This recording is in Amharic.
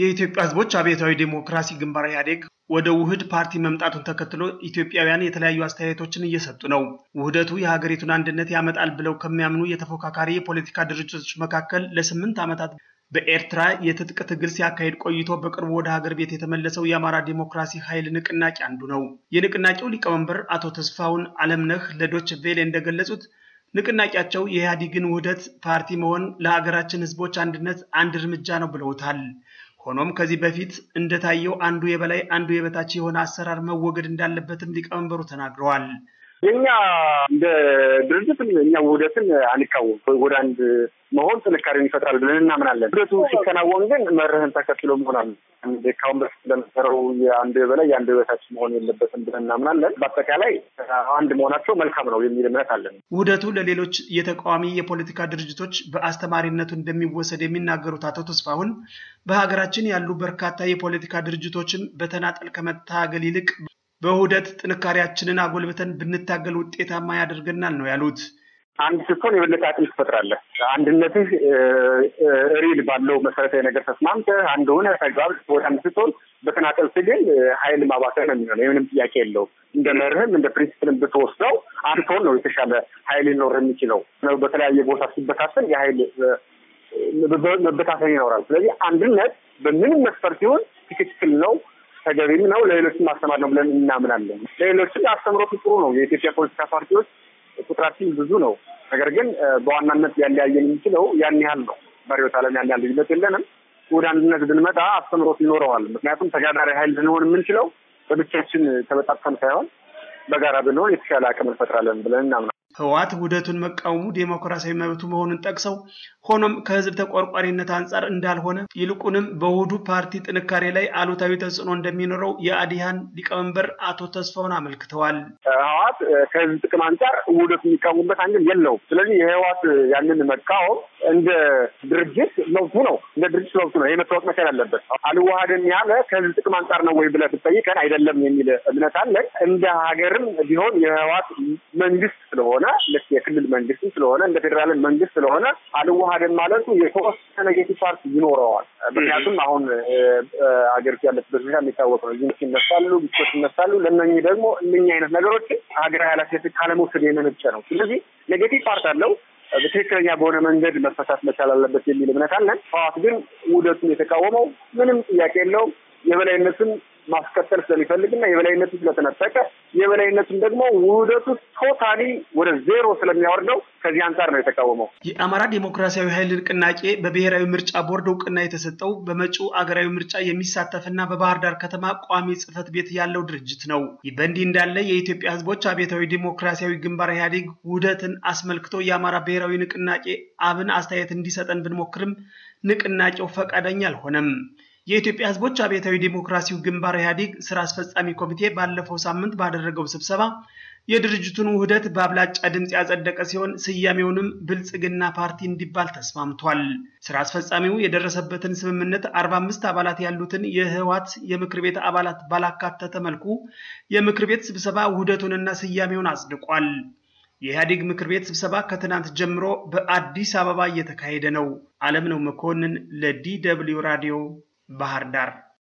የኢትዮጵያ ሕዝቦች አብዮታዊ ዴሞክራሲ ግንባር ኢህአዴግ ወደ ውህድ ፓርቲ መምጣቱን ተከትሎ ኢትዮጵያውያን የተለያዩ አስተያየቶችን እየሰጡ ነው። ውህደቱ የሀገሪቱን አንድነት ያመጣል ብለው ከሚያምኑ የተፎካካሪ የፖለቲካ ድርጅቶች መካከል ለስምንት ዓመታት በኤርትራ የትጥቅ ትግል ሲያካሄድ ቆይቶ በቅርቡ ወደ ሀገር ቤት የተመለሰው የአማራ ዲሞክራሲ ኃይል ንቅናቄ አንዱ ነው። የንቅናቄው ሊቀመንበር አቶ ተስፋውን አለምነህ ለዶች ቬሌ እንደገለጹት ንቅናቄያቸው የኢህአዴግን ውህደት ፓርቲ መሆን ለሀገራችን ሕዝቦች አንድነት አንድ እርምጃ ነው ብለውታል። ሆኖም ከዚህ በፊት እንደታየው አንዱ የበላይ አንዱ የበታች የሆነ አሰራር መወገድ እንዳለበትም ሊቀመንበሩ ተናግረዋል። የእኛ እንደ ድርጅት እኛ ውህደትን አንቃወም። ወደ አንድ መሆን ጥንካሬን ይፈጥራል ብለን እናምናለን። ውህደቱ ሲከናወን ግን መርህን ተከትሎ መሆናል። እንደ ካሁን በፊት እንደነበረው የአንድ በላይ የአንድ በታች መሆን የለበትም ብለን እናምናለን። በአጠቃላይ አንድ መሆናቸው መልካም ነው የሚል እምነት አለን። ውህደቱ ለሌሎች የተቃዋሚ የፖለቲካ ድርጅቶች በአስተማሪነቱ እንደሚወሰድ የሚናገሩት አቶ ተስፋሁን በሀገራችን ያሉ በርካታ የፖለቲካ ድርጅቶችን በተናጠል ከመታገል ይልቅ በውህደት ጥንካሬያችንን አጎልብተን ብንታገል ውጤታማ ያደርገናል ነው ያሉት። አንድ ስትሆን የበለጠ አቅም ትፈጥራለህ። አንድነትህ ሪል ባለው መሰረታዊ ነገር ተስማምተህ አንድ ሆነ ተግባብ ወደ አንድ ስትሆን፣ በተናጠል ስግል ኃይል ማባከን ነው የሚሆነው። የምንም ጥያቄ የለውም። እንደ መርህም እንደ ፕሪንስፕልም ብትወስደው አንድ ስትሆን ነው የተሻለ ኃይል ሊኖር የሚችለው። በተለያየ ቦታ ሲበታተን የኃይል መበታተን ይኖራል። ስለዚህ አንድነት በምንም መስፈርት ሲሆን ትክክል ነው። ተገቢም ነው፣ ለሌሎችም ማስተማር ነው ብለን እናምናለን። ለሌሎችም አስተምሮቱ ጥሩ ነው። የኢትዮጵያ ፖለቲካ ፓርቲዎች ቁጥራችን ብዙ ነው። ነገር ግን በዋናነት ሊያለያየን የሚችለው ያን ያህል ነው። በርዕዮተ ዓለም ያን ያህል ልዩነት የለንም። ወደ አንድነት ብንመጣ አስተምሮት ይኖረዋል። ምክንያቱም ተጋዳሪ ኃይል ልንሆን የምንችለው በብቻችን ተበጣጥተን ሳይሆን በጋራ ብንሆን የተሻለ አቅም እንፈጥራለን ብለን እናምናል። ህወሓት ውህደቱን መቃወሙ ዴሞክራሲያዊ መብቱ መሆኑን ጠቅሰው ሆኖም ከህዝብ ተቆርቋሪነት አንጻር እንዳልሆነ ይልቁንም በውህዱ ፓርቲ ጥንካሬ ላይ አሉታዊ ተጽዕኖ እንደሚኖረው የአዲሃን ሊቀመንበር አቶ ተስፋውን አመልክተዋል። ህወሓት ከህዝብ ጥቅም አንጻር ውህደቱ የሚቃወሙበት አንድም የለውም። ስለዚህ የህወሓት ያንን መቃወም እንደ ድርጅት ለውጡ ነው፣ እንደ ድርጅት ለውጡ ነው። ይህ መታወቅ መቻል አለበት። አልዋሃድም ያለ ከህዝብ ጥቅም አንጻር ነው ወይ ብለህ ብትጠይቀን አይደለም የሚል እምነት አለን። እንደ ሀገርም ቢሆን የህወሓት መንግስት ስለሆነ ልክ የክልል መንግስት ስለሆነ እንደ ፌዴራልን መንግስት ስለሆነ አልዋሃድም ማለቱ የተወሰነ ኔጌቲቭ ፓርት ይኖረዋል። ምክንያቱም አሁን ሀገሪቱ ያለችበት ሁኔታ የሚታወቅ ነው። ዩኒት ይነሳሉ፣ ግጭቶች ይነሳሉ። ለእነኚህ ደግሞ እነኚህ አይነት ነገሮች ሀገራዊ ኃላፊነት ካለመውሰድ የመነጨ ነው። ስለዚህ ኔጌቲቭ ፓርት አለው በትክክለኛ በሆነ መንገድ መፈታት መቻል አለበት የሚል እምነት አለን። ህወሓት ግን ውህደቱን የተቃወመው ምንም ጥያቄ የለውም የበላይነትን ማስከተል ስለሚፈልግና የበላይነትን ስለተነጠቀ የበላይነቱን ደግሞ ውህደቱ ቶታሊ ወደ ዜሮ ስለሚያወርደው ከዚህ አንጻር ነው የተቃወመው። የአማራ ዲሞክራሲያዊ ኃይል ንቅናቄ በብሔራዊ ምርጫ ቦርድ እውቅና የተሰጠው በመጪው አገራዊ ምርጫ የሚሳተፍና በባህር ዳር ከተማ ቋሚ ጽህፈት ቤት ያለው ድርጅት ነው። ይህ በእንዲህ እንዳለ የኢትዮጵያ ህዝቦች አብዮታዊ ዲሞክራሲያዊ ግንባር ኢህአዴግ ውህደትን አስመልክቶ የአማራ ብሔራዊ ንቅናቄ አብን አስተያየት እንዲሰጠን ብንሞክርም ንቅናቄው ፈቃደኛ አልሆነም። የኢትዮጵያ ህዝቦች አብዮታዊ ዲሞክራሲው ግንባር ኢህአዴግ ስራ አስፈጻሚ ኮሚቴ ባለፈው ሳምንት ባደረገው ስብሰባ የድርጅቱን ውህደት በአብላጫ ድምፅ ያጸደቀ ሲሆን ስያሜውንም ብልጽግና ፓርቲ እንዲባል ተስማምቷል። ስራ አስፈጻሚው የደረሰበትን ስምምነት 45 አባላት ያሉትን የህወሓት የምክር ቤት አባላት ባላካተተ መልኩ የምክር ቤት ስብሰባ ውህደቱንና ስያሜውን አጽድቋል። የኢህአዴግ ምክር ቤት ስብሰባ ከትናንት ጀምሮ በአዲስ አበባ እየተካሄደ ነው። አለም ነው መኮንን ለዲ ደብልዩ ራዲዮ Bahardar